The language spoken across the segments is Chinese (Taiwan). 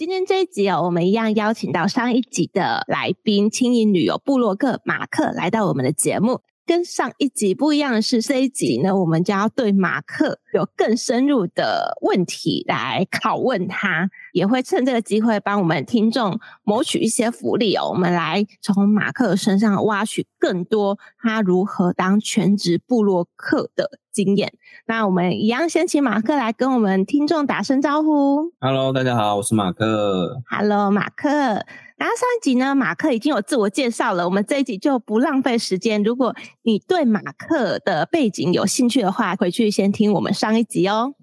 今天這一集哦，我們一樣邀請到上一集的來賓，青銀旅遊部落客馬克來到我們的節目。跟上一集不一樣的是，這一集呢，我們將要對馬克有更深入的問題來拷問他，也會趁這個機會幫我們聽眾謀取一些福利哦。我們來從馬克的身上挖取更多他如何當全職部落客的經驗。那我們一樣先請馬克來跟我們聽眾打聲招呼。Hello，大家好，我是馬克。Hello，馬克。那上一集呢，馬克已經有自我介紹了，我們這一集就不浪費時間。如果你對馬克的背景有興趣的話，回去先聽我們上一集哦。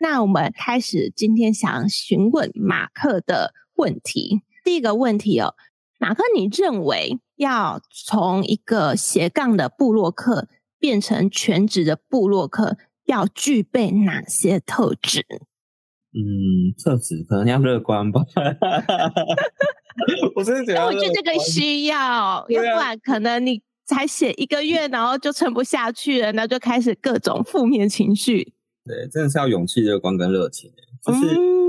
那我們開始今天想詢問馬克的問題。第一個問題哦，馬克，你認為要從一個斜槓的部落客。變成全職的部落客要具備哪些特質？嗯，特質可能要樂觀吧。 我真的覺得，我覺得這個需要，要、啊、不然可能你才寫一個月，然後就撐不下去了，那就開始各種負面情緒。對，真的是要勇氣、樂觀跟熱情。就是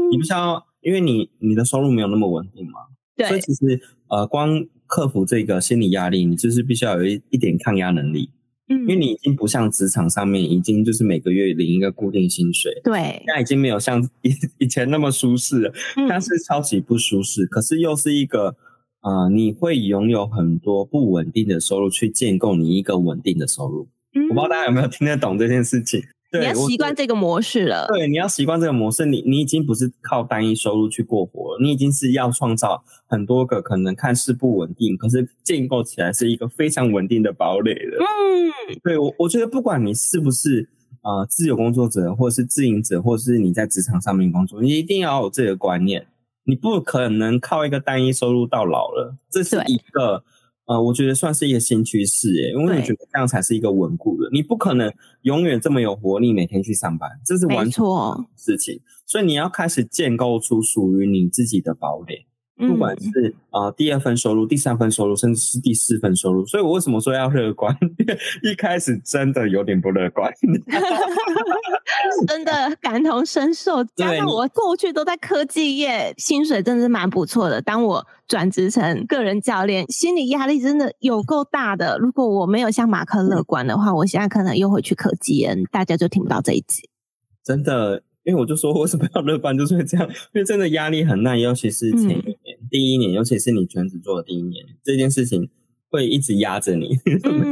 你必須要、嗯，因為你你的收入沒有那麼穩定嘛。對。所以其實呃，光克服這個心理壓力，你就是必須要有一一點抗壓能力。因為你已經不像職場上面，已經就是每個月領一個固定薪水，對，那已經沒有像以以前那麼舒適了，嗯。但是超級不舒適，可是又是一個，呃，你會擁有很多不穩定的收入去建構你一個穩定的收入。嗯，我不知道大家有沒有聽得懂這件事情？你要習慣這個模式了。對，你要習慣這個模式。你你已經不是靠單一收入去過活了，你已經是要創造很多個可能看似不穩定，可是建構起來是一個非常穩定的堡壘了。嗯，對我我覺得不管你是不是啊，呃，自由工作者，或是自營者，或是你在職場上面工作，你一定要有這個觀念，你不可能靠一個單一收入到老了，這是一個。呃、嗯，我覺得算是一個新趨勢，哎，因為我覺得這樣才是一個穩固的。你不可能永遠這麼有活力，每天去上班，這是完全錯的事情，沒錯。所以你要開始建構出屬於你自己的堡壘。不管是啊、呃、第二份收入、第三份收入，甚至是第四份收入，所以我為什麼說要樂觀？ 一開始真的有點不樂觀， 真的感同身受。加上我過去都在科技業，薪水真的是蠻不錯的。當我轉職成個人教練，心理壓力真的有夠大的。如果我沒有像馬克樂觀的話，我現在可能又回去科技業，大家就聽不到這一集。真的，因為我就說為什麼要樂觀，就是這樣，因為真的壓力很難，尤其是前。第一年，尤其是你全職做的第一年，這件事情會一直壓着你。嗯、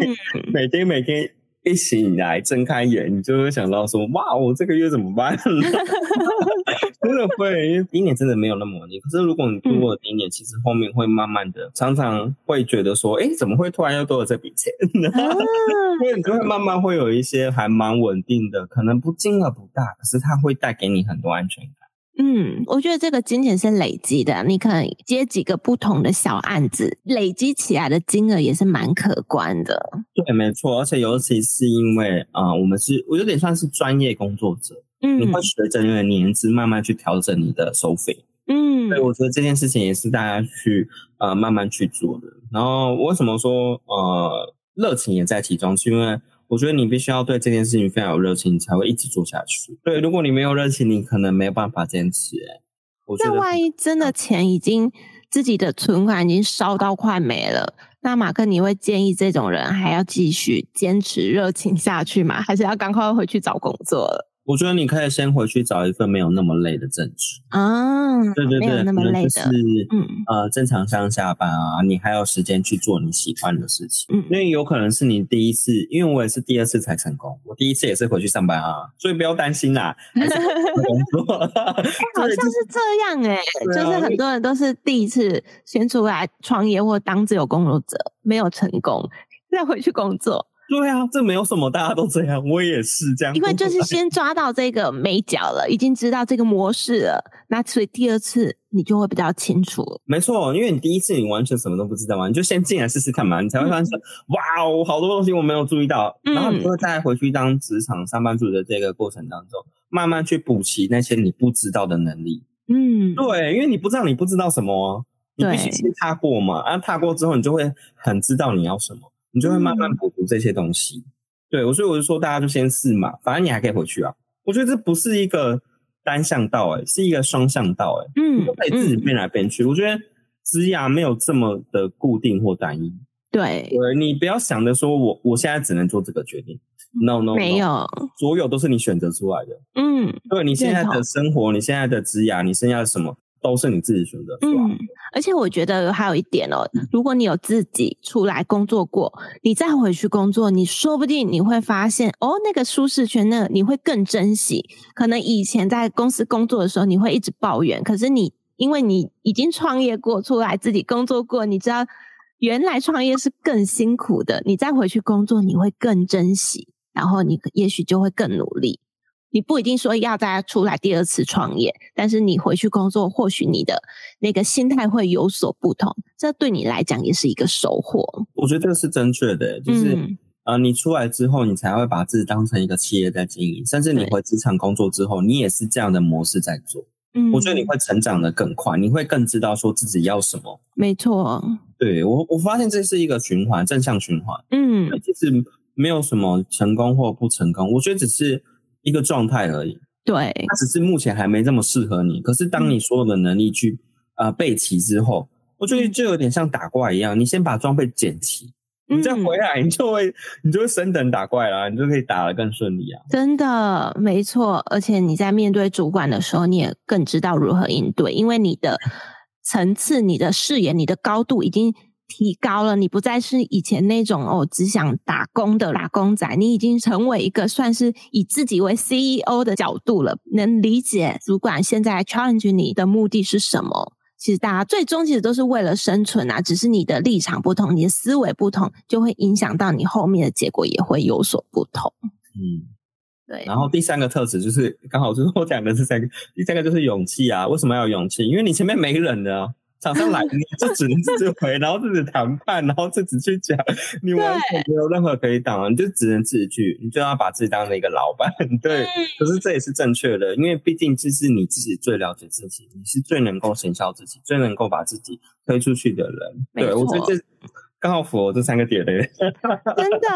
每天每天一醒來，睜開眼，你就會想到說：“哇，我這個月怎麼辦？” 真的會，第一年真的沒有那麼穩定。可是如果你度過了第一年、嗯，其實後面會慢慢的，常常會覺得說：“哎，怎麼會突然又多了這筆錢呢？”因、啊、為 你就會慢慢會有一些還蠻穩定的，可能不金額不大，可是它會帶給你很多安全感。嗯，我覺得這個金錢是累積的，你可能接幾個不同的小案子，累積起來的金額也是蠻可觀的。對，沒錯，而且尤其是因為啊，呃，我們是我有點算是專業工作者，嗯，你會隨着你的年資慢慢去調整你的收費，嗯，所以我覺得這件事情也是大家去呃慢慢去做的。然後為什麼說呃熱情也在其中，是因為。我覺得你必須要對這件事情非常有熱情，你才會一直做下去。對，如果你沒有熱情，你可能沒有辦法堅持、欸。那萬一真的錢已經自己的存款已經燒到快沒了，那馬克，你會建議這種人還要繼續堅持熱情下去嗎？還是要趕快回去找工作了？我覺得你可以先回去找一份沒有那麼累的正職啊，對對對，沒有那麼累的，就是、嗯、呃，正常上下班啊，你還有時間去做你喜歡的事情，嗯，因為有可能是你第一次，因為我也是第二次才成功，我第一次也是回去上班啊，所以不要擔心啦。還是工作 欸、好像是這樣哎、欸 就是啊，就是很多人都是第一次先出來創業或當自由工作者，沒有成功，再回去工作。對啊，這沒有什麼，大家都這樣，我也是這樣。因為就是先抓到這個眉角 了，已經知道這個模式了，那所以第二次你就會比較清楚。沒錯，因為你第一次你完全什麼都不知道嘛，你就先進來試試看嘛、嗯，你才會發現哇哦，好多東西我沒有注意到，嗯、然後你就會再回去當職場上班族的這個過程當中，慢慢去補齊那些你不知道的能力。嗯，對，因為你不知道你不知道什麼，你必須先踏過嘛，然後、啊、踏過之後，你就會很知道你要什麼。你就會慢慢補足這些東西，嗯、對我，所以我就說大家就先試嘛，反正你還可以回去啊。我覺得這不是一個單向道、欸，哎，是一個雙向道、欸，哎，嗯，就可以自己變來變去。嗯、我覺得職涯沒有這麼的固定或單一，對，對你不要想着說我我現在只能做這個決定 no,，no no 沒有，所有都是你選擇出來的，嗯，對你現在的生活，你現在的職涯，你剩下什麼？都是你自己選擇，嗯，嗯，而且我覺得還有一點哦，如果你有自己出來工作過，你再回去工作，你說不定你會發現，哦，那個舒適圈，那個，那你會更珍惜。可能以前在公司工作的時候，你會一直抱怨，可是你因為你已經創業過，出來自己工作過，你知道原來創業是更辛苦的，你再回去工作，你會更珍惜，然後你也許就會更努力。你不一定說要大家出來第二次創業，但是你回去工作，或許你的那個心態會有所不同。這對你來講也是一個收穫。我覺得這是正確的，就是啊，嗯，呃，你出來之後，你才會把自己當成一個企業在經營。甚至你回職場工作之後，你也是這樣的模式在做。嗯，我覺得你會成長的更快，你會更知道說自己要什麼。沒錯，對，我我發現這是一個循環，正向循環。嗯，其實沒有什麼成功或不成功，我覺得只是。一個狀態而已，對，它只是目前還沒這麼適合你。可是當你所有的能力去啊備齊之後，我覺得就有點像打怪一樣，嗯、你先把裝備撿齊，你再回來你、嗯，你就會你就會升等打怪啦，你就可以打得更順利啊！真的，沒錯。而且你在面對主管的時候，你也更知道如何應對，因為你的層次、你的視野、你的高度已經。提高了，你不再是以前那種哦，只想打工的打工仔，你已經成為一個算是以自己為 CEO 的角度了。能理解主管現在 challenge 你的目的是什麼。其實大家最終其實都是為了生存啊，只是你的立場不同，你的思維不同，就會影響到你後面的結果也會有所不同。嗯，對。然後第三個特質就是，剛好就是我講的這三個，第三個就是勇氣啊。為什麼要勇氣？因為你前面沒人的。廠商來，你就只能自己回， 然後自己談判，然後自己去講，你完全沒有任何可以擋，你就只能自己去，你就要把自己當成一個老闆，對，對。可是這也是正確的，因為畢竟這是你自己最了解自己，你是最能夠行銷，自己最能夠把自己推出去的人。對，我覺得這剛好符合這三個點嘞。 真的。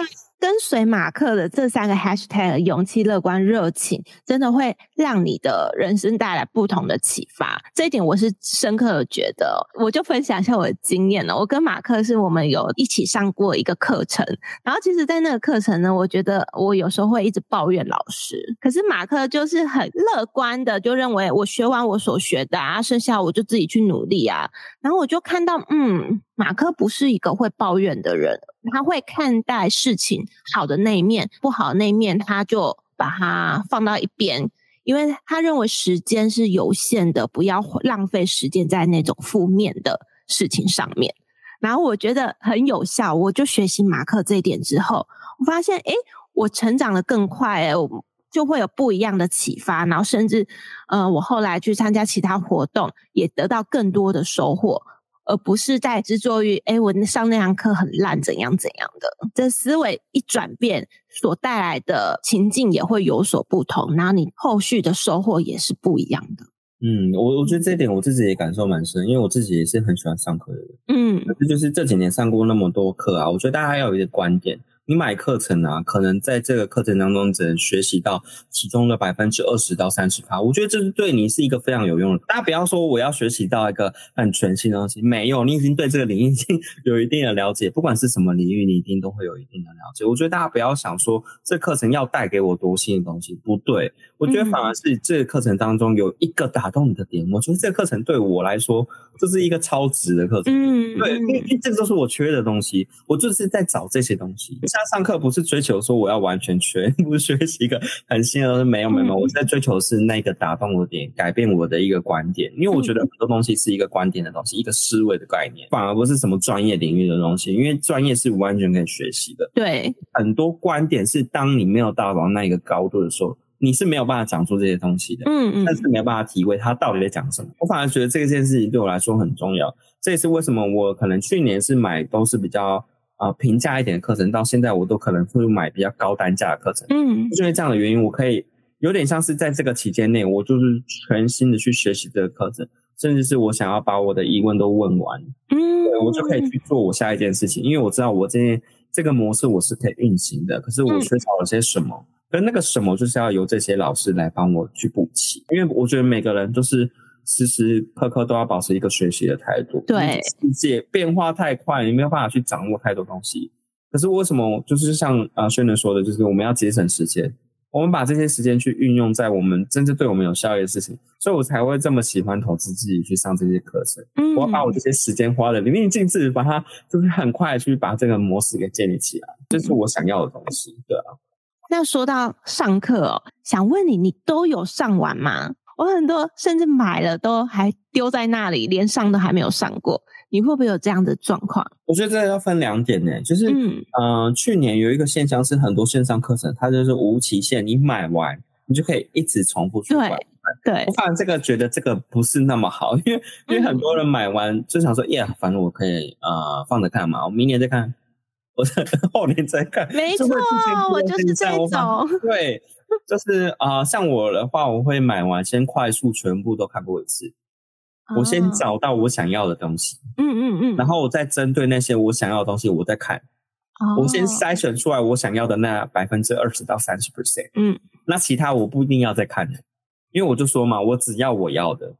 跟隨馬克的這三個 hashtag 勇氣、樂觀、熱情，真的會讓你的人生帶來不同的啟發。這一點我是深刻的覺得。我就分享一下我的經驗了。我跟馬克是我們有一起上過一個課程，然後其實，在那個課程呢，我覺得我有時候會一直抱怨老師，可是馬克就是很樂觀的，就認為我學完我所學的啊，剩下我就自己去努力啊。然後我就看到，嗯，馬克不是一個會抱怨的人。他會看待事情好的那一面，不好的那一面，他就把它放到一邊，因為他認為時間是有限的，不要浪費時間在那種負面的事情上面。然後我覺得很有效，我就學習馬克這一點之後，我發現，哎，我成長的更快，我就會有不一樣的啟發。然後甚至，呃，我後來去參加其他活動，也得到更多的收穫。而不是在執着於，哎，我上那堂課很爛，怎樣怎樣的。這思維一轉變，所帶來的情境也會有所不同，那你後續的收穫也是不一樣的。嗯，我我覺得這一點我自己也感受蠻深，因為我自己也是很喜歡上課的人。嗯，可是就是這幾年上過那麼多課啊，我覺得大家要有一個觀點。你買課程啊，可能在這個課程當中只能學習到其中的百分之二十到三十趴，我覺得這是對你是一個非常有用的。大家不要說我要學習到一個很全新的東西，沒有，你已經對這個領域已經有一定的了解。不管是什麼領域，你一定都會有一定的了解。我覺得大家不要想說這個課程要帶給我多新的東西，不對。我覺得反而是這個課程當中有一個打動你的點，我覺得這個課程對我來說這是一個超值的課程。嗯，對，嗯。因，因為這就是我缺的東西，我就是在找這些東西。他上課不是追求說我要完全全部學習一個很新的東西，沒有沒有，嗯、我在追求的是那個打動我點，改變我的一個觀點。因為我覺得很多東西是一個觀點的東西、嗯，一個思維的概念，反而不是什麼專業領域的東西。因為專業是完全可以學習的。對，很多觀點是當你沒有到達那一個高度的時候，你是沒有辦法講出這些東西的。嗯嗯，但是沒有辦法體會他到底在講什麼。我反而覺得這件事情對我來說很重要。這也是為什麼我可能去年是買都是比較。啊，平價一點的課程到現在我都可能會買比較高單價的課程，嗯，因為這樣的原因，我可以有點像是在這個期間內，我就是全心的去學習這個課程，甚至是我想要把我的疑問都問完，嗯，我就可以去做我下一件事情，因為我知道我今天這個模式我是可以運行的，可是我缺少了些什麼，嗯、可是那個什麼就是要由這些老師來幫我去補齊，因為我覺得每個人都、就是。時時刻刻都要保持一個學習的態度。對，世界變化太快，你沒有辦法去掌握太多東西。可是為什麼？就是像啊，Shannon 說的，就是我們要節省時間，我們把這些時間去運用在我們真正對我們有效益的事情。所以我才會這麼喜歡投資自己去上這些課程。嗯，我要把我這些時間花得淋漓盡致，把它就是很快去把這個模式給建立起來，這就是我想要的東西。對啊。那說到上課哦，想問你，你都有上完嗎？我很多甚至買了都還丟在那裡，連上都還沒有上過。你會不會有這樣的狀況？我覺得這個要分兩點呢，就是嗯、呃、去年有一個現象是很多線上課程它就是無期限，你買完你就可以一直重複出來。對對，我反正這個覺得這個不是那麼好，因為因為很多人買完就想說，嗯、耶，反正我可以呃放着看嘛，我明年再看。我 後年再看沒。沒錯，我就是這一種我。對，就是啊、呃，像我的話，我會買完先快速全部都看過一次。哦，我先找到我想要的東西，嗯嗯嗯，然後我再針對那些我想要的東西，我再看。哦、我先篩選出來我想要的那百分之二十到三十 percent，嗯，那其他我不一定要再看的，因為我就說嘛，我只要我要的。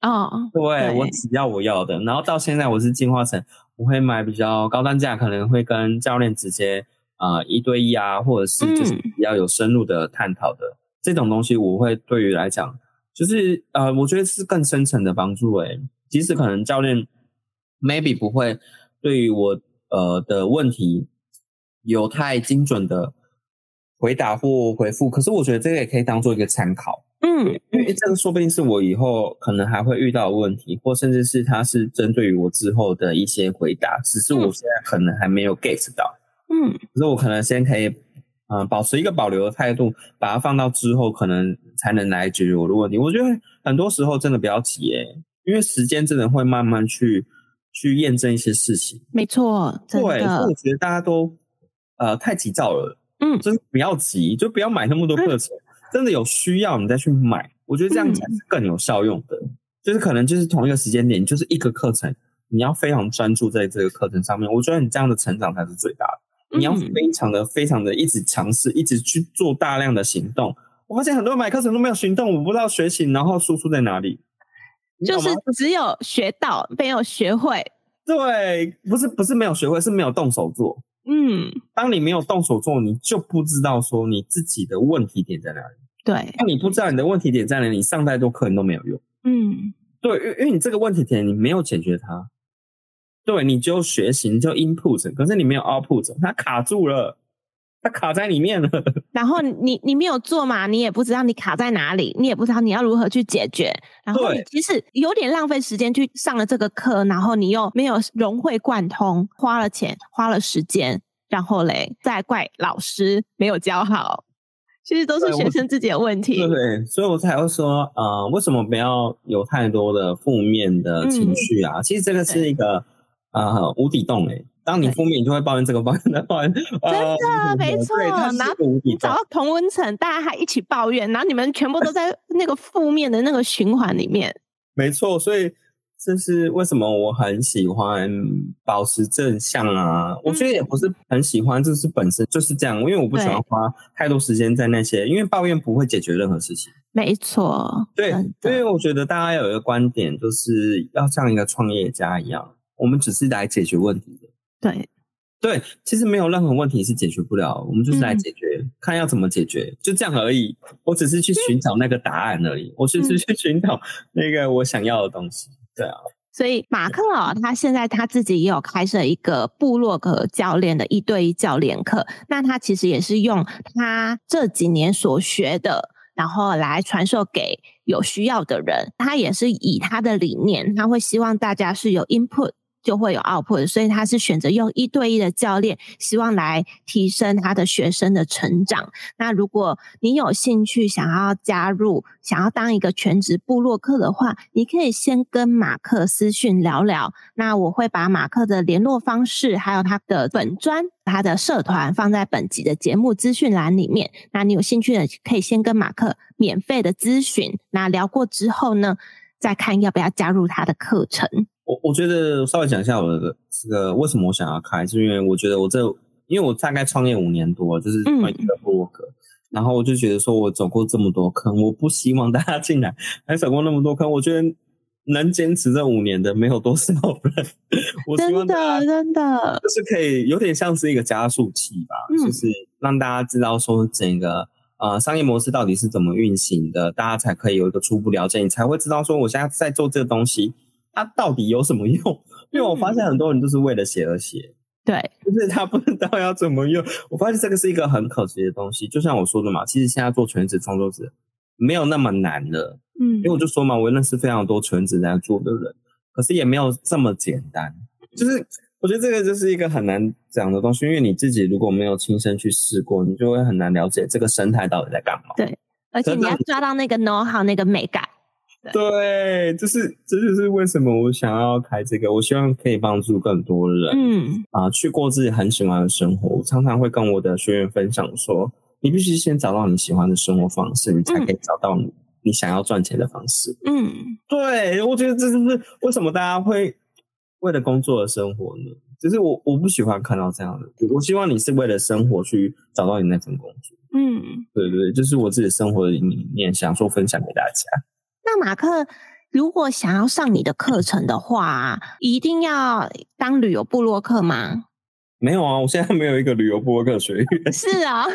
啊、oh，對，我只要我要的，然後到現在我是進化成我會買比較高單價，可能會跟教練直接啊、呃、一對一啊，或者是就是比較有深入的探討的、嗯、這種東西，我會對於來講就是呃，我覺得是更深層的幫助誒、欸，即使可能教練 maybe 不會對於我呃的問題有太精準的回答或回復，可是我覺得這個也可以當做一個參考。嗯，因為這個說不定是我以後可能還會遇到的問題，或甚至是他是針對於我之後的一些回答，只是我現在可能還沒有 get 到。嗯，所以，我可能先可以，嗯、呃，保持一個保留的態度，把它放到之後可能才能來解決我的問題。我覺得很多時候真的不要急耶、欸，因為時間真的會慢慢去去驗證一些事情。沒錯，真的。對，所以我覺得大家都，呃，太急躁了。嗯，就是不要急，就不要買那麼多課程。嗯。真的有需要你再去買，我覺得這樣才是更有效用的。嗯。就是可能就是同一個時間點，就是一個課程，你要非常專注在這個課程上面。我覺得你這樣的成長才是最大的。嗯。你要非常的非常的一直嘗試，一直去做大量的行動。我發現很多人買課程都沒有行動，我不知道學習然後輸出在哪裡，就是只有學到沒有學會。對，不是不是沒有學會，是沒有動手做。嗯，當你沒有動手做，你就不知道說你自己的問題點在哪裡。對，那你不知道你的問題點在哪裡，你上再多課你都沒有用。嗯，對，因因為你這個問題點你沒有解決它，對，你就學習你就 input，可是你沒有 output，它卡住了。他卡在裡面了 然後你你沒有做嘛，你也不知道你卡在哪裡，你也不知道你要如何去解決。然後其實有點浪費時間去上了這個課，然後你又沒有融會貫通，花了錢花了時間，然後嘞，再怪老師沒有教好，其實都是學生自己的問題。對，對，對，對，所以我才會說，啊、呃，為什麼不要有太多的負面的情緒啊、嗯。其實這個是一個啊、呃、無底洞嘞、欸。當你負面，你就會抱怨這個，抱怨那個，抱 怨、啊、真的、嗯、沒錯。然後找到同溫層，大家還一起抱怨，然後你們全部都在那個負面的那個循環裡面。沒錯，所以這是為什麼我很喜歡保持正向啊、嗯。我覺得也不是很喜歡，這、就是本身就是這樣。因為我不喜歡花太多時間在那些，因為抱怨不會解決任何事情。沒錯，對，因為我覺得大家有一個觀點，就是要像一個創業家一樣，我們只是來解決問題的。對，對，其實沒有任何問題是解決不了，我們就是來解決、嗯，看要怎麼解決，就這樣而已。我只是去尋找那個答案而已，嗯、我只是去尋找那個我想要的東西。對啊，所以馬克啊、哦，他現在他自己也有開設一個部落格教練的一對一教練課，那他其實也是用他這幾年所學的，然後來傳授給有需要的人。他也是以他的理念，他會希望大家是有 input。就會有 output，所以他是選擇用一對一的教練，希望來提升他的學生的成長。那如果你有興趣想要加入，想要當一個全職部落客的話，你可以先跟馬克私訊聊聊。那我會把馬克的聯絡方式，還有他的本專、他的社團放在本集的節目資訊欄裡面。那你有興趣的，可以先跟馬克免費的諮詢。那聊過之後呢，再看要不要加入他的課程。我我覺得稍微講一下我的這個為什麼我想要開，就是因為我覺得我這因為我大概創業五年多，就是做一個博客，然後我就覺得說，我走過這麼多坑，我不希望大家進來還走過那麼多坑。我覺得能堅持這五年的沒有多少人。真的，真 的就是可以有點像是一個加速器吧，嗯、就是讓大家知道說整個呃商業模式到底是怎麼運行的，大家才可以有一個初步了解，你才會知道說我現在在做這個東西。它到底有什麼用？因為我發現很多人都是為了寫而寫，對，就是他不知道要怎麼用。我發現這個是一個很可惜的東西。就像我說的嘛，其實現在做全職創作者沒有那麼難的，嗯，因為我就說嘛，我認識非常多全職在做的人，可是也沒有這麼簡單。就是我覺得這個就是一個很難講的東西，因為你自己如果沒有親身去試過，你就會很難了解這個生態到底在幹嘛。對，而且你要抓到那個 know how 那個美感。對，這、就是這就是為什麼我想要開這個，我希望可以幫助更多人，嗯啊、呃，去過自己很喜歡的生活。我常常會跟我的學員分享說，你必須先找到你喜歡的生活方式，你才可以找到你、嗯、你想要賺錢的方式。嗯，對，我覺得這就是為什麼大家會為了工作而生活呢？就是我我不喜歡看到這樣的，我希望你是為了生活去找到你那份工作。嗯，對對，對，這、就是我自己生活的理念，想說分享給大家。那馬克，如果想要上你的課程的話，一定要當旅遊部落客嗎？沒有啊，我現在沒有一個旅遊部落客學院。 是啊、哦，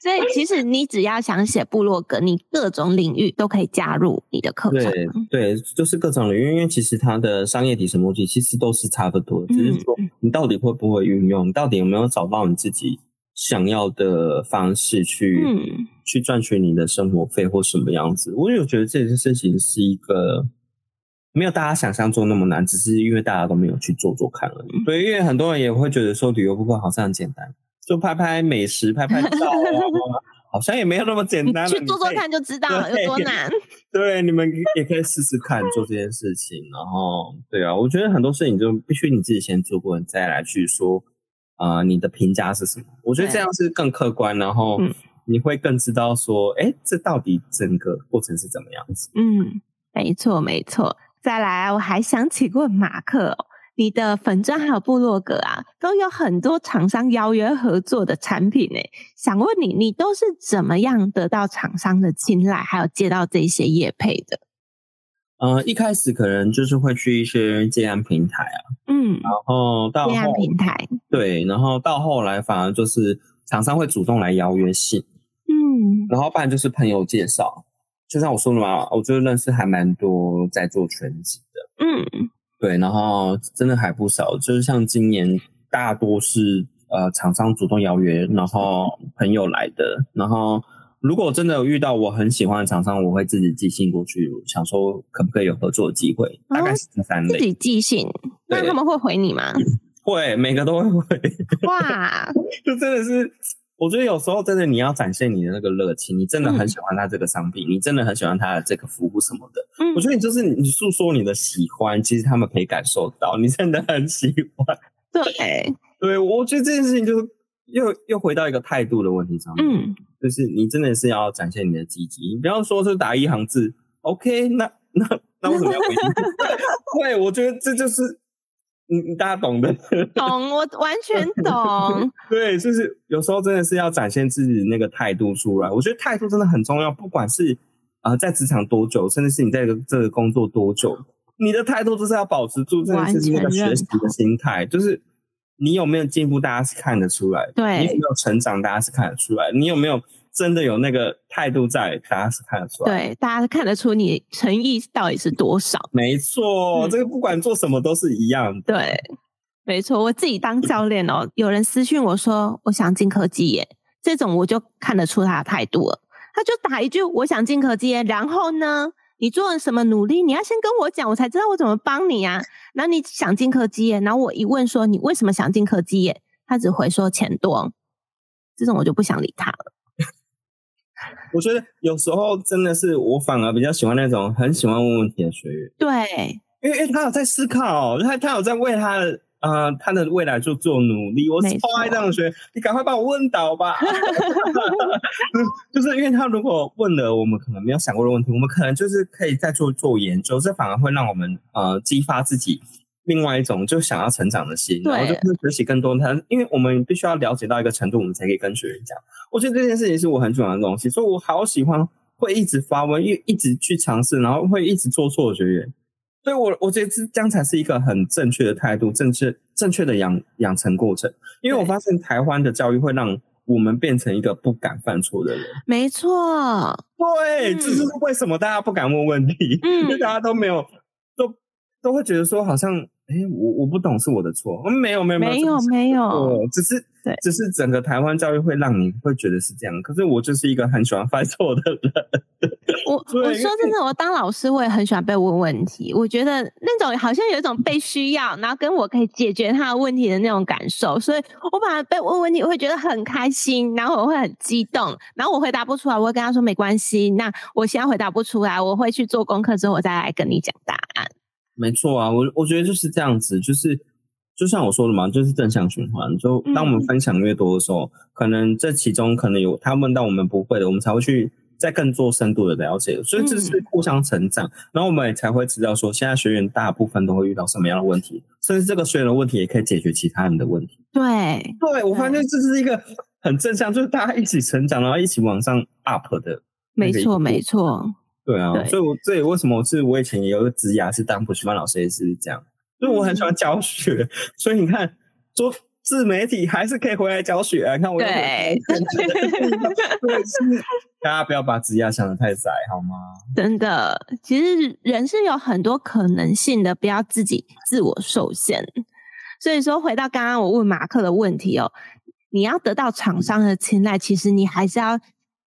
所以其實你只要想寫部落格，你各種領域都可以加入你的課程，對。對，就是各種領域，因為其實它的商業底層邏輯其實都是差不多，只是說你到底會不會運用、嗯，你到底有沒有找到你自己想要的方式去、嗯、去賺取你的生活費或什麼樣子，我有覺得這件事情是一個沒有大家想象中那麼難，只是因為大家都沒有去做做看了、嗯。對，因為很多人也會覺得說旅遊部落客好像很簡單，就拍拍美食、拍拍照， 好像也沒有那麼簡單了。去做做看就知道有多難。對，你們也可以試試看做這件事情。然後，對啊，我覺得很多事情就必須你自己先做過，你再來去說。啊、呃，你的評價是什麼？我覺得這樣是更客觀，然後你會更知道說，哎、嗯欸，這到底整個過程是怎麼樣子？嗯，沒錯沒錯。再來，我還想請問馬克、哦，你的粉專還有部落格啊，都有很多廠商邀約合作的產品誒，想問你，你都是怎麼樣得到廠商的青睞，還有接到這些業配的？嗯、呃，一開始可能就是會去一些接案平台啊，嗯，然後到後，接案平台，對，然後到後來反而就是廠商會主動來邀約信。嗯，然後不然就是朋友介紹，就像我說的嘛，我就認識還蠻多在做全職的，嗯，對，然後真的還不少，就是像今年大多是呃廠商主動邀約，然後朋友來的，然後。如果真的遇到我很喜歡的廠商，我會自己寄信過去，想說可不可以有合作的機會。哦，大概是第三年。自己寄信，那他們會回你嗎？會，每個都會回。哇， 就真的是，我覺得有時候真的你要展現你的那個熱情，你真的很喜歡他這個商品，嗯，你真的很喜歡他的這個服務什麼的。嗯、我覺得你就是你訴說你的喜歡，其實他們可以感受到你真的很喜歡。對，對我覺得這件事情就是。又又回到一個態度的問題上面，嗯，就是你真的是要展現你的積極，你不要說是打一行字，OK，那那那為什麼要回應？ 對，我覺得這就是，你你大家懂的，懂，我完全懂。 對，就是有時候真的是要展現自己那個態度出來，我覺得態度真的很重要，不管是呃在職場多久，甚至是你在這個工作多久，你的態度就是要保持住這件事情一個學習的心態，就是。你有沒有進步？大家是看得出來。對，你有沒有成長？大家是看得出來。你有沒有真的有那個態度在？大家是看得出來。對，大家看得出你誠意到底是多少？沒錯、嗯，這個不管做什麼都是一樣的。對，沒錯。我自己當教練哦， 有人私訊我說我想進科技耶，這種我就看得出他的態度了。他就打一句我想進科技耶，然後呢，你做了什麼努力？你要先跟我講，我才知道我怎麼幫你呀、啊。那你想進科技耶？然後我一問說你為什麼想進科技耶？他只回說錢多，這種我就不想理他了。我覺得有時候真的是我反而比較喜歡那種很喜歡問問題的學員，對，因為因為、欸、他有在思考、哦，他他有在為他。的。呃，他的未來就做努力，我超愛這樣的學員。你趕快把我問倒吧， 就是因為他如果問了我們可能沒有想過的問題，我們可能就是可以再做做研究，這反而會讓我們呃激發自己另外一種就想要成長的心，然後就是學習更多的。他因為我們必須要了解到一個程度，我們才可以跟學員講。我覺得這件事情是我很喜歡的東西，所以我好喜歡會一直發問，一一直去嘗試，然後會一直做錯的學員。所以我我覺得這樣才是一個很正確的態度，正確正確的養養成過程。因為我發現台灣的教育，會讓我們變成一個不敢犯錯的人。沒錯，對，這就是為什麼大家不敢問問題，因、嗯、為大家都沒有都都會覺得說好像。哎，我我不懂是我的錯，沒有沒有沒有沒有，沒有沒有呃、只是只是整個台灣教育會讓你會覺得是這樣。可是我就是一個很喜歡犯錯的人。我我說真的，我當老師我也很喜歡被問問題。我覺得那種好像有一種被需要，嗯、然後跟我可以解決他的問題的那種感受，所以我把他被問問題我會覺得很開心，然後我會很激動，然後我回答不出來，我會跟他說沒關係，那我現在回答不出來，我會去做功課之後我再來跟你講答案。沒錯啊，我我覺得就是這樣子，就是就像我說的嘛，就是正向循環。就當我們分享越多的時候，嗯、可能這其中可能有他問到我們不會的，我們才會去再更做深度的了解。所以這是互相成長，嗯、然後我們也才會知道說，現在學員大部分都會遇到什麼樣的問題，甚至這個學員的問題也可以解決其他人的問題。對，對，我發現這是一個很正向，就是大家一起成長，然後一起往上 up 的。沒錯，沒錯。對啊對，所以我這裡為什麼我是我以前也有個職涯是當補習班老師也是這樣，所以我很喜歡教學。嗯、所以你看做自媒體還是可以回來教學、啊。你看我，對， 對 大家不要把職涯想得太窄好嗎？真的，其實人是有很多可能性的，不要自己自我受限。所以說，回到剛剛我問馬克的問題哦，你要得到廠商的青睞，其實你還是要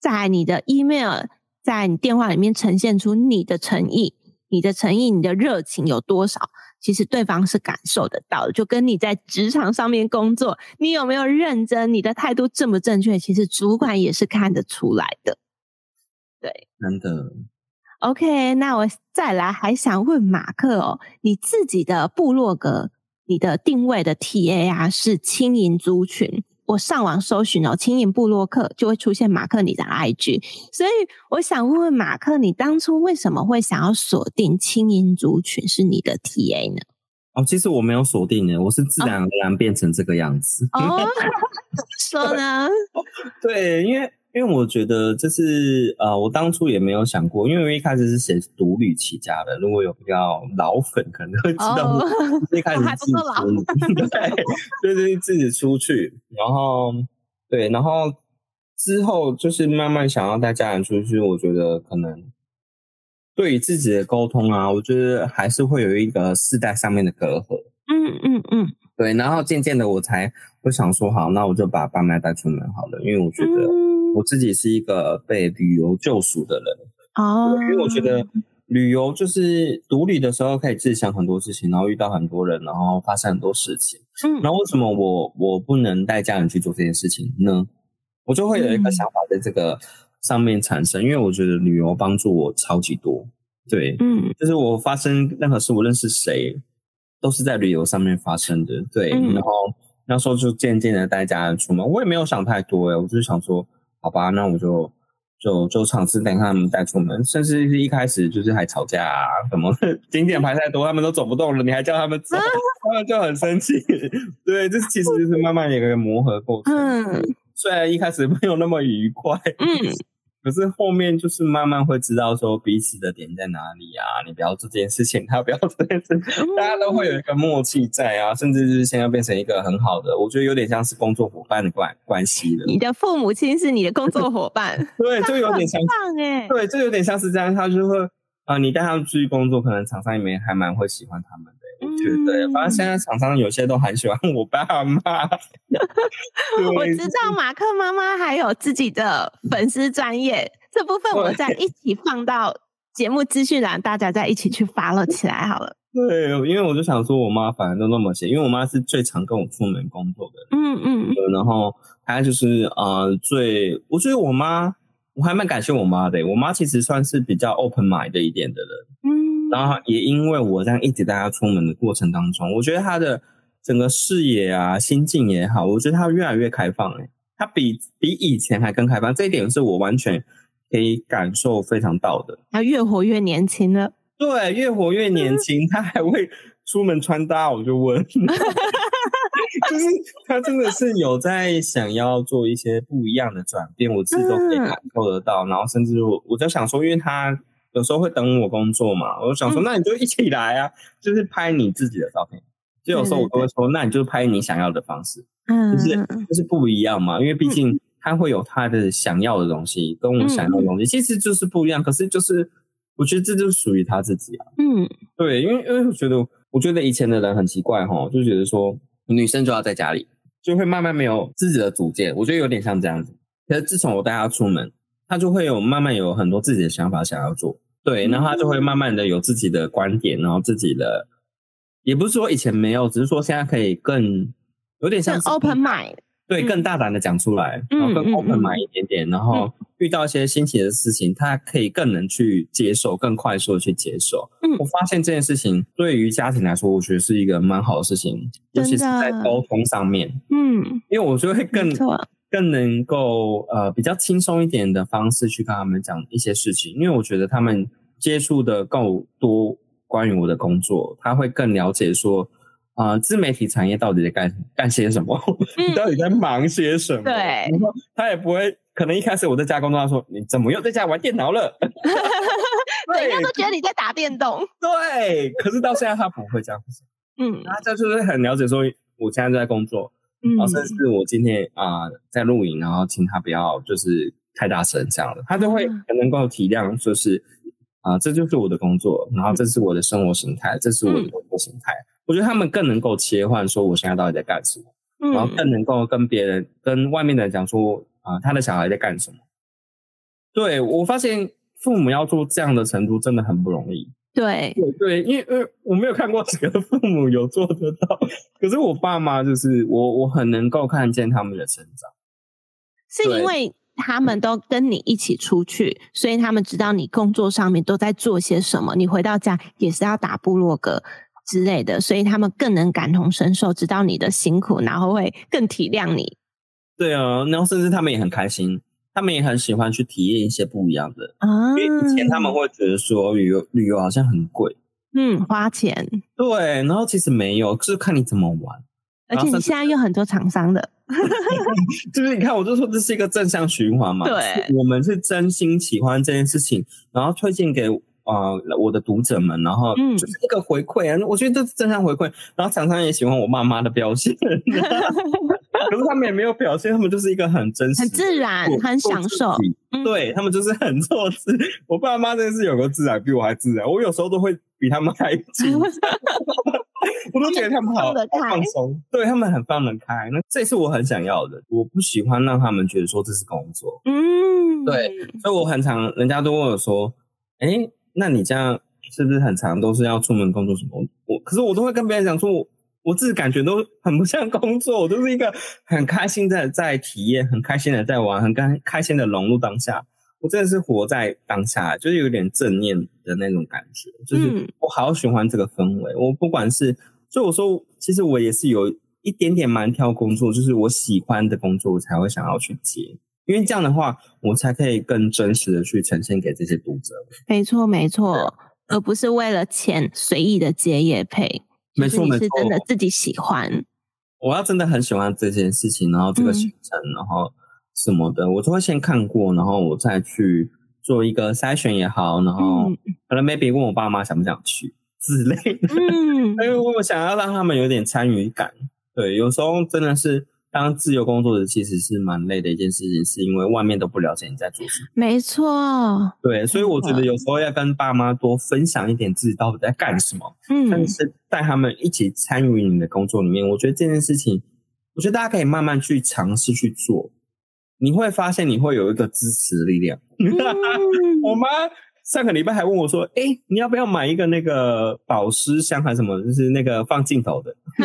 在你的 email，在你電話裡面呈現出你的誠意、你的誠意、你的熱情有多少，其實對方是感受得到的。就跟你在職場上面工作，你有沒有認真，你的態度正不正確，其實主管也是看得出來的。對，難得。OK，那我再來還想問馬克哦，你自己的部落格，你的定位的 T A R 是青銀族群。我上網搜尋哦，青銀部落客就會出現馬克你的 IG，所以我想問問馬克，你當初為什麼會想要鎖定青銀族群是你的 TA 呢？哦，其實我沒有鎖定的，我是自然而然變成這個樣子。哦，怎 麼說呢、哦？對，因為。因為我覺得這是呃，我當初也沒有想過，因為一開始是寫獨旅起家的。如果有比較老粉可能會知道，哦、 一開始自己出，都還不夠老 對，就是自己出去，然後對，然後之後就是慢慢想要帶家人出去。我覺得可能對於自己的溝通啊，我覺得還是會有一個世代上面的隔閡。嗯嗯嗯，對。然後漸漸的我才會想說，好，那我就把爸媽帶出門好了，因為我覺得、嗯。我自己是一個被旅遊救贖的人哦、oh.，因為我覺得旅遊就是獨旅的時候可以自己想很多事情，然後遇到很多人，然後發生很多事情。嗯，然後為什麼我我不能帶家人去做這件事情呢？我就會有一個想法在這個上面產生，嗯、因為我覺得旅遊幫助我超級多。對，嗯，就是我發生任何事，無論是誰，都是在旅遊上面發生的。對，嗯、然後那時候就漸漸的帶家人出門，我也沒有想太多呀，我就是想說。好吧，那我就就就嘗試等一下他們帶出門，甚至是一開始就是還吵架，啊，什麼景點排太多，他們都走不動了，你還叫他們走，嗯、他們就很生氣。對，這其實就是慢慢的一個磨合過程。嗯，雖然一開始沒有那麼愉快。嗯。可是後面就是慢慢會知道說彼此的點在哪裡啊，你不要做這件事情，他不要做這件事情，大家都會有一個默契在啊，甚至就是現在變成一個很好的，我覺得有點像是工作伙伴的關關係了。你的父母親是你的工作伙伴， 對，就有點像，哎，對，就有點像是這樣，他就會啊、呃，你帶他們出去工作，可能廠商裡面還蠻會喜歡他們。對，反正現在廠商有些都很喜歡我爸媽。 我知道馬克媽媽還有自己的粉絲專頁這部分，我再一起放到節目資訊欄，大家再一起去 follow 起來好了。對，因為我就想說我媽反正都那麼寫，因為我媽是最常跟我出門工作的人。嗯嗯嗯。然後她就是啊、呃，最我覺得我媽，我還蠻感謝我媽的、欸。我媽其實算是比較 open mind 的一點的人。嗯。然後也因為我這樣一直帶他出門的過程當中，我覺得他的整個視野啊、心境也好，我覺得他越來越開放哎、欸，他比比以前還更開放，這一點是我完全可以感受非常到的。他越活越年輕了，對，越活越年輕，他還會出門穿搭，我就問， 就是他真的是有在想要做一些不一樣的轉變，我自己都可以感受得到。嗯、然後甚至我我就想說，因為他。有時候會等我工作嘛，我就想說，那你就一起來啊，嗯、就是拍你自己的照片。就有時候我都會說對對對，那你就拍你想要的方式，嗯，就是就是不一樣嘛，因為畢竟他會有他的想要的東西，跟我想要的東西、嗯、其實就是不一樣。可是就是我覺得這就屬於他自己啊，嗯，對，因為因為我覺得我覺得以前的人很奇怪哈，就覺得說女生就要在家裡，就會慢慢沒有自己的主見。我覺得有點像這樣子。可是自從我帶他出門，他就會有慢慢有很多自己的想法想要做。對，然後他就會慢慢的有自己的觀點、嗯，然後自己的，也不是說以前沒有，只是說現在可以更有點像，是像 open mind，對、嗯，更大膽的講出來，嗯，然後更 open mind 一點點、嗯，然後遇到一些新奇的事情，他可以更能去接受，更快速的去接受。嗯，我發現這件事情對於家庭來說，我覺得是一個蠻好的事情，尤其是在溝通上面。嗯，因為我覺得會更更能夠呃比較輕鬆一點的方式去跟他們講一些事情，因為我覺得他們接觸的夠多關於我的工作，他會更了解說啊、呃、自媒體產業到底在幹幹些什麼，你、嗯、到底在忙些什麼？對，他也不會可能一開始我在家工作說，他說你怎麼又在家玩電腦了？人 家都覺得你在打電動對。對，可是到現在他不會這樣子，嗯，他就是很了解說我現在在工作。嗯，然後甚至我今天啊、呃、在錄影，然後請他不要就是太大聲這樣的，他就會很能夠體諒，就是啊、呃、這就是我的工作，然後這是我的生活形態，這是我的工作形態、嗯。我覺得他們更能夠切換說我現在到底在幹什麼，嗯、然後更能夠跟別人跟外面的人講說啊、呃、他的小孩在幹什麼。對，我發現父母要做這樣的程度真的很不容易。對對對，因為呃，我沒有看過幾個父母有做得到，可是我爸媽就是我，我很能夠看見他們的成長，是因為他們都跟你一起出去，所以他們知道你工作上面都在做些什麼，你回到家也是要打部落格之類的，所以他們更能感同身受，知道你的辛苦，然後會更體諒你。對啊，然後甚至他們也很開心。他們也很喜歡去體驗一些不一樣的啊，因為以前他們會覺得說旅遊旅遊好像很貴，嗯，花錢，對，然後其實沒有，就是看你怎麼玩，而且你現在有很多廠商的， 就是你看，我就說這是一個正向循環嘛，對，我們是真心喜歡這件事情，然後推薦給。呃，我的讀者們，然後就是一個回饋啊、嗯，我覺得這是正向回饋。然後常常也喜歡我爸媽的表現， 可是他們也沒有表現，他們就是一個很真實、很自然、很享受。對，他們就是很做自、嗯、我爸媽真的是有個自然，比我還自然。我有時候都會比他們還緊張， 我都覺得他們好，很放得開，放鬆，對，他們很放得開。那這是我很想要的。我不喜歡讓他們覺得說這是工作。嗯，對，所以我很常人家都問我說，哎，那你這樣是不是很常都是要出門工作什麼？我可是我都會跟別人講說，我我自己感覺都很不像工作，我就是一個很開心的在，在體驗，很開心的在玩，很開開心的融入當下。我真的是活在當下，就是有點正念的那種感覺。就是我好喜歡這個氛圍，嗯，我不管是，所以我說，其實我也是有一點點蠻挑工作，就是我喜歡的工作，我才會想要去接。因為這樣的話，我才可以更真實的去呈現給這些讀者。沒錯，沒錯，而不是為了錢隨意的接業配。沒錯，沒錯。是真的自己喜歡。我要真的很喜歡這件事情，然後這個行程，嗯、然後什麼的，我都會先看過，然後我再去做一個篩選也好，然後、嗯、可能 maybe 問我爸媽想不想去之類的。嗯，因為我想要讓他們有點參與感。對，有時候真的是。當自由工作者其實是蠻累的一件事情，是因為外面，都不了解你在做什麼。沒錯，對，所以我覺得有時候要跟爸媽多分享一點自己到底在幹什麼，嗯，但是帶他們一起參與你的工作裡面，我覺得這件事情，我覺得大家可以慢慢去嘗試去做，你會發現你會有一個支持力量。嗯、 我媽。上個禮拜還問我說：“誒、欸，你要不要買一個那個保濕箱還是什麼？就是那個放鏡頭的。 ”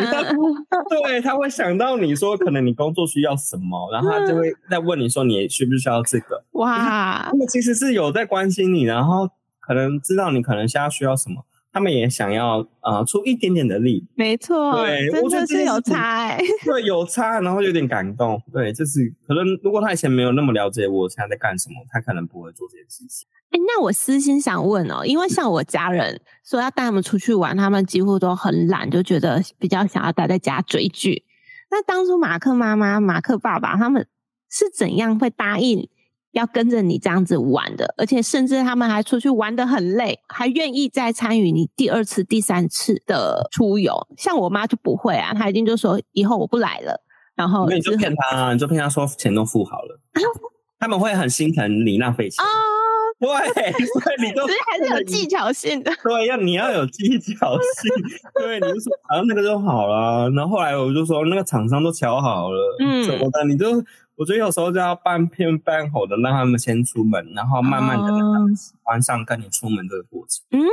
對，他會想到你說，可能你工作需要什麼，然後他就會再問你說，你需不需要這個？哇，那其實是有在關心你，然後可能知道你可能現在需要什麼。他們也想要啊、呃，出一點點的力，沒錯，對真的、欸，我覺得是有差，對，有差，然後有點感動，對，就是可能如果他以前沒有那麼了解我現在在幹什麼，他可能不會做這件事情。哎、欸，那我私心想問哦、喔，因為像我家人說、嗯、要帶他們出去玩，他們幾乎都很懶，就覺得比較想要待在家追劇。那當初馬克媽媽、馬克爸爸他們是怎樣會答應？要跟着你這樣子玩的，而且甚至他們還出去玩得很累，還願意再參與你第二次、第三次的出遊。像我媽就不會啊，她一定就說以後我不來了。然後你就騙她，就是，你就騙她說錢都付好了，啊，他們會很心疼你浪費錢啊。對，所以你都還是有技巧性的。對，要你要有技巧性。對，你就說查那個就好了。然後後來我就說那個廠商都敲好了，嗯，那你就。我覺得有時候就要半騙半哄的，讓他們先出門，然後慢慢的讓他們喜歡上跟你出門這個過程，哦。嗯，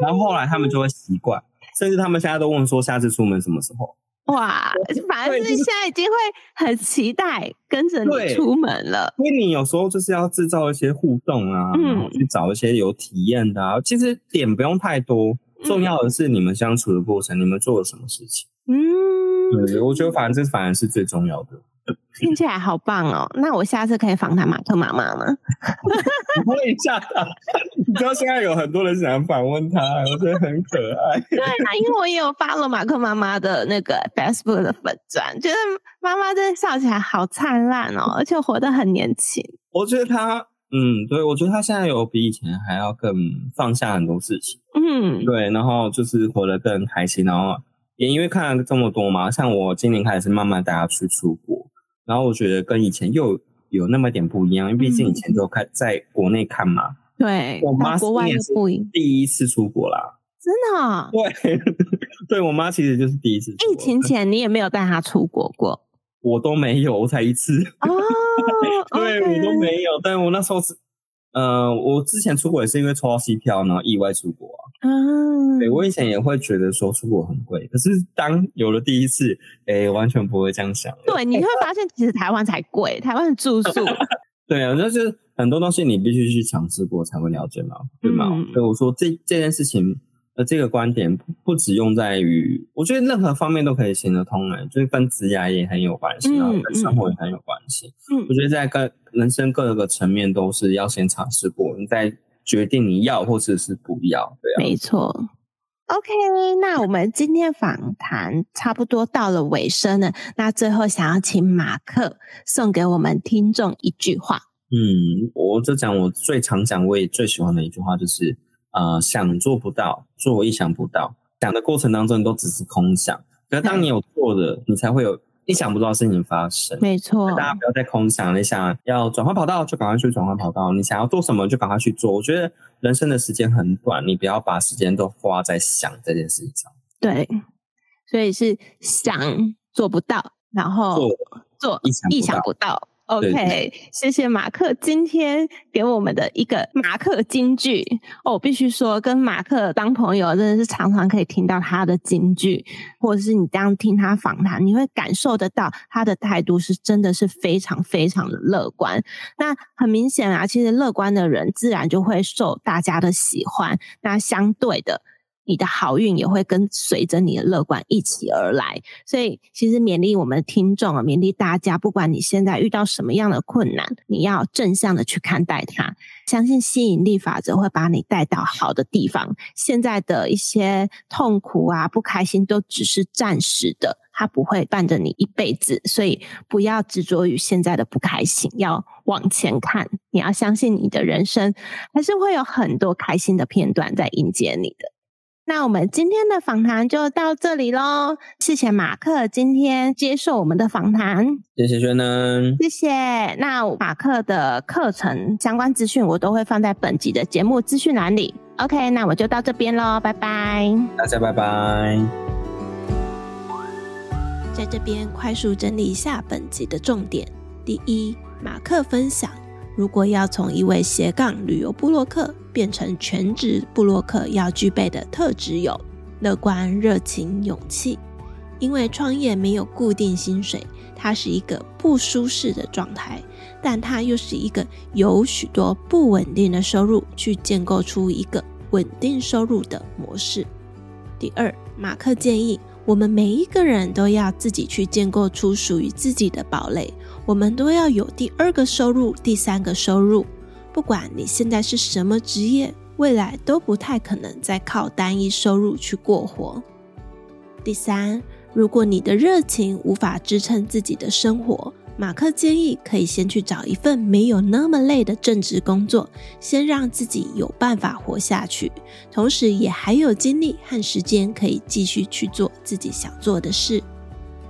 然後後來他們就會習慣，甚至他們現在都問說下次出門什麼時候？哇，就是，反正是現在已經會很期待跟着你出門了。因為你有時候就是要制造一些互動啊，嗯、然後去找一些有體驗的，啊。其實點不用太多，重要的是你們相處的過程，嗯，你們做了什麼事情。嗯，對，我覺得反正這反而是最重要的。聽起來好棒哦！那我下次可以訪談馬克媽媽嗎？問一下，你知道現在有很多人想要訪問他，我覺得很可愛。 對、啊，那因為我也有發了馬克媽媽的那個 Facebook 的粉專，覺得媽媽真的笑起來好燦爛哦，而且活得很年輕。我覺得她，嗯，對，我覺得她現在有比以前還要更放下很多事情。嗯，對，然後就是活得更開心，然後也因為看了這麼多嘛，像我今年開始慢慢帶她去出國。然後我覺得跟以前又有，有那麼點不一樣，因為畢竟以前就看在國內看嘛。嗯、對，我媽是，是第一次出國啦。國真的、哦。對， 對我媽其實就是第一次。疫情前你也沒有帶她出國過？我都沒有，我才一次啊。Oh, 對、okay. 我都沒有，但我那時候是。嗯、呃，我之前出國也是因為抽到機票，然後意外出國啊。嗯，對，我以前也會覺得說出國很貴，可是當有了第一次，哎，完全不會這樣想。對，你會發現其實台灣才貴，台灣是住宿。 對啊，就是很多東西你必須去嘗試過才會了解嘛，對嘛、嗯、所以我說這這件事情。那這個觀點不只用在於，我覺得任何方面都可以行得通的、欸，就是跟職涯也很有關係，嗯、跟生活也很有關係。嗯，我覺得在跟人生各個層面都是要先嘗試過，嗯、你再決定你要或者是，是不要。對呀、啊，沒錯。OK，那我們今天訪談差不多到了尾聲了。那最後想要請馬克送給我們聽眾一句話。嗯，我就講我最常講，我也最喜歡的一句話就是。呃，想，做不到，做，意想不到，想的過程當中都只是空想。可是當你有做的，嗯、你才會有意想不到的事情發生。沒錯，大家不要再空想了，你想要轉換跑道就趕快去轉換跑道，你想要做什麼就趕快去做。我覺得人生的時間很短，你不要把時間都花在想這件事情上。對，所以是想，做不到，嗯、然後做，做意意想不到。OK，謝謝馬克今天給我們的一個馬克金句哦，我必須說跟馬克當朋友真的是常常可以聽到他的金句，或者是你這樣聽他訪談，你會感受得到他的態度是真的是非常非常的樂觀。那很明顯啊，其實樂觀的人自然就會受大家的喜歡，那相對的，你的好運也會跟隨着你的樂觀一起而來，所以其實勉勵我們的聽眾啊，勉勵大家，不管你現在遇到什麼樣的困難，你要正向的去看待它，相信吸引力法則會把你帶到好的地方。現在的一些痛苦啊、不開心都只是暫時的，它不會伴着你一輩子，所以不要執着於現在的不開心，要往前看。你要相信，你的人生還是會有很多開心的片段在迎接你的。那我們今天的訪談就到這裡嘍，謝謝馬克今天接受我們的訪談，謝謝 Shannon，謝謝。那馬克的課程相關資訊我都會放在本集的節目資訊欄裡。OK，那我就到這邊嘍，拜拜，大家拜拜。在這邊快速整理一下本集的重點：第一，馬克分享。如果要從一位斜槓旅遊部落客變成全職部落客，要具備的特質有樂觀、熱情、勇氣。因為創業沒有固定薪水，它是一個不舒適的狀態，但它又是一個有許多不穩定的收入，去建構出一個穩定收入的模式。第二，馬克建議。我們每一個人都要自己去建構出屬於自己的堡壘。我們都要有第二個收入、第三個收入。不管你現在是什麼職業，未來都不太可能再靠單一收入去過活。第三，如果你的熱情無法支撐自己的生活。馬克建議可以先去找一份沒有那麼累的正職工作，先讓自己有辦法活下去，同時也還有精力和時間可以繼續去做自己想做的事。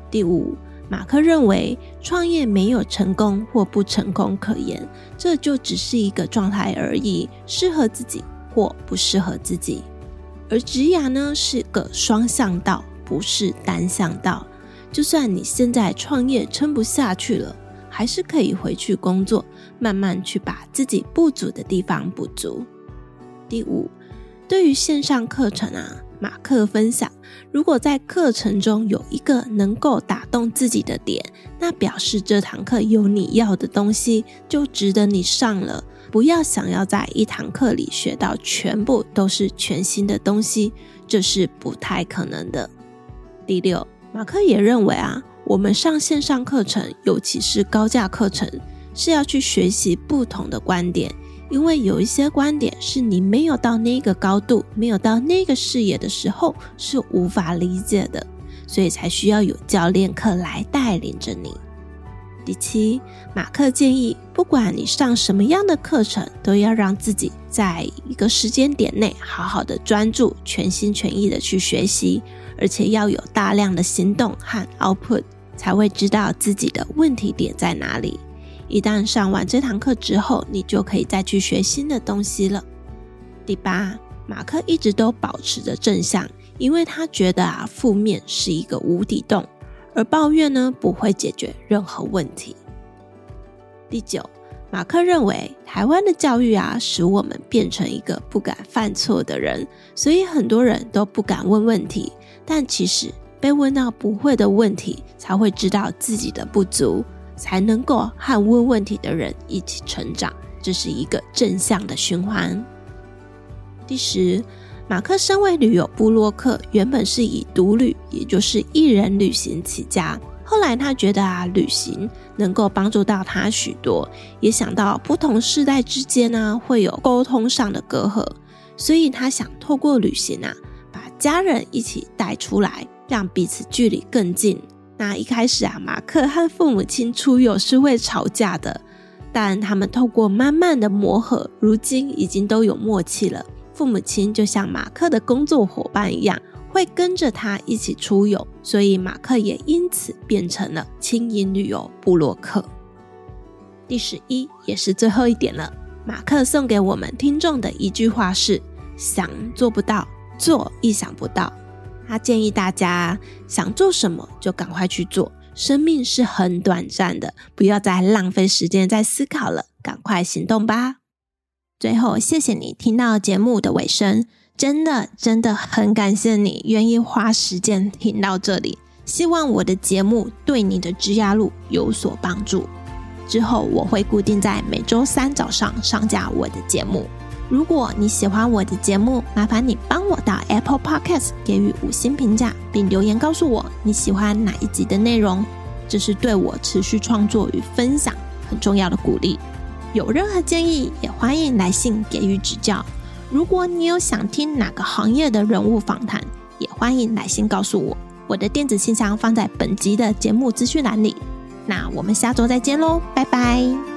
第五，馬克認為創業沒有成功或不成功可言，這就只是一個狀態而已，適合自己或不適合自己。而職涯呢，是個雙向道，不是單向道。就算你現在創業撐不下去了，還是可以回去工作，慢慢去把自己不足的地方補足。第五，對於線上課程啊，馬克分享，如果在課程中有一個能夠打動自己的點，那表示這堂課有你要的東西，就值得你上了。不要想要在一堂課裡學到全部都是全新的東西，這是不太可能的。第六。馬克也認為啊，我們上線上課程，尤其是高價課程，是要去學習不同的觀點，因為有一些觀點是你沒有到那個高度、沒有到那個視野的時候是無法理解的，所以才需要有教練課來帶領着你。第七，馬克建議，不管你上什麼樣的課程，都要讓自己在一個時間點內好好的專注、全心全意的去學習。而且要有大量的行動和 output，才會知道自己的問題點在哪裡。一旦上完這堂課之後，你就可以再去學新的東西了。第八，馬克一直都保持着正向，因為他覺得啊，負面是一個無底洞，而抱怨呢，不會解決任何問題。第九，馬克認為台灣的教育啊，使我們變成一個不敢犯錯的人，所以很多人都不敢問問題。但其實被問到不會的問題，才會知道自己的不足，才能夠和問問題的人一起成長，這是一個正向的循環。第十，馬克身為旅遊部落客，原本是以獨旅，也就是一人旅行起家。後來他覺得啊，旅行能夠幫助到他許多，也想到不同世代之間呢、啊、會有溝通上的隔閡，所以他想透過旅行啊，家人一起帶出來，讓彼此距離更近。那一開始啊，馬克和父母親出遊是會吵架的，但他們透過慢慢的磨合，如今已經都有默契了。父母親就像馬克的工作夥伴一樣，會跟着他一起出遊，所以馬克也因此變成了青銀旅遊部落客。第十一也是最後一點了，馬克送給我們聽眾的一句話是：想，做不到。做，意想不到，他建議大家想做什麼就趕快去做，生命是很短暫的，不要再浪費時間在思考了，趕快行動吧。最後，謝謝你聽到節目的尾聲，真的真的很感謝你願意花時間聽到這裡，希望我的節目對你的職涯路有所幫助。之後我會固定在每週三早上上架我的節目。如果你喜歡我的節目，麻煩你幫我到 Apple Podcast 給予五星評價，並留言告訴我你喜歡哪一集的內容，這是對我持續創作與分享很重要的鼓勵。有任何建議，也歡迎來信給予指教。如果你有想聽哪個行業的人物訪談，也歡迎來信告訴我。我的電子信箱放在本集的節目資訊欄裡。那我們下周再見嘍，拜拜。